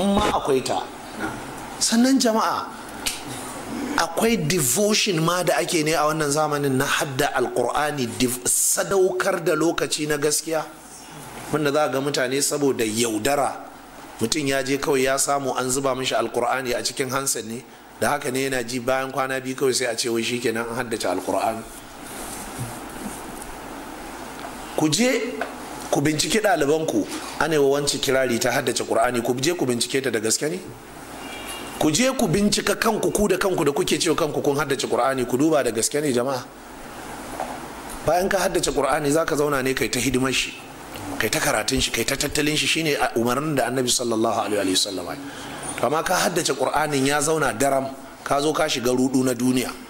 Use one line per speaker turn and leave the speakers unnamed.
in ma akwai ta sannan jama'a akwai devotion ma da ake ne a wannan zamanin na hadda alkur'ani sadaukar da lokaci na gaskiya wanda za ga mutane saboda yaudara mutum ya je kawai ya samu an zuba mishi alkur'ani a cikin hansan ne da haka ne yana ji bayan kwana biyu kawai sai a ce wai shikenan an haddace alkur'ani ku je ku binciki ɗalibanku anewa wancan kirari ta haddace ƙur'ani ku je ku bincike ta da gaske ne ku je ku bincika kanku ku da kanku da kuke cewa kanku kun haddace ƙur'ani ku duba da gaske ne jama'a bayan ka haddace ƙur'ani ka zauna ne kai ta hidimar shi kai ta karatun shi kai ta tattalin shi shine umarnin da annabi sallallahu alaihi wasallam amma ka haddace ƙur'anin ya zauna daram ka zo ka shiga
rudu na duniya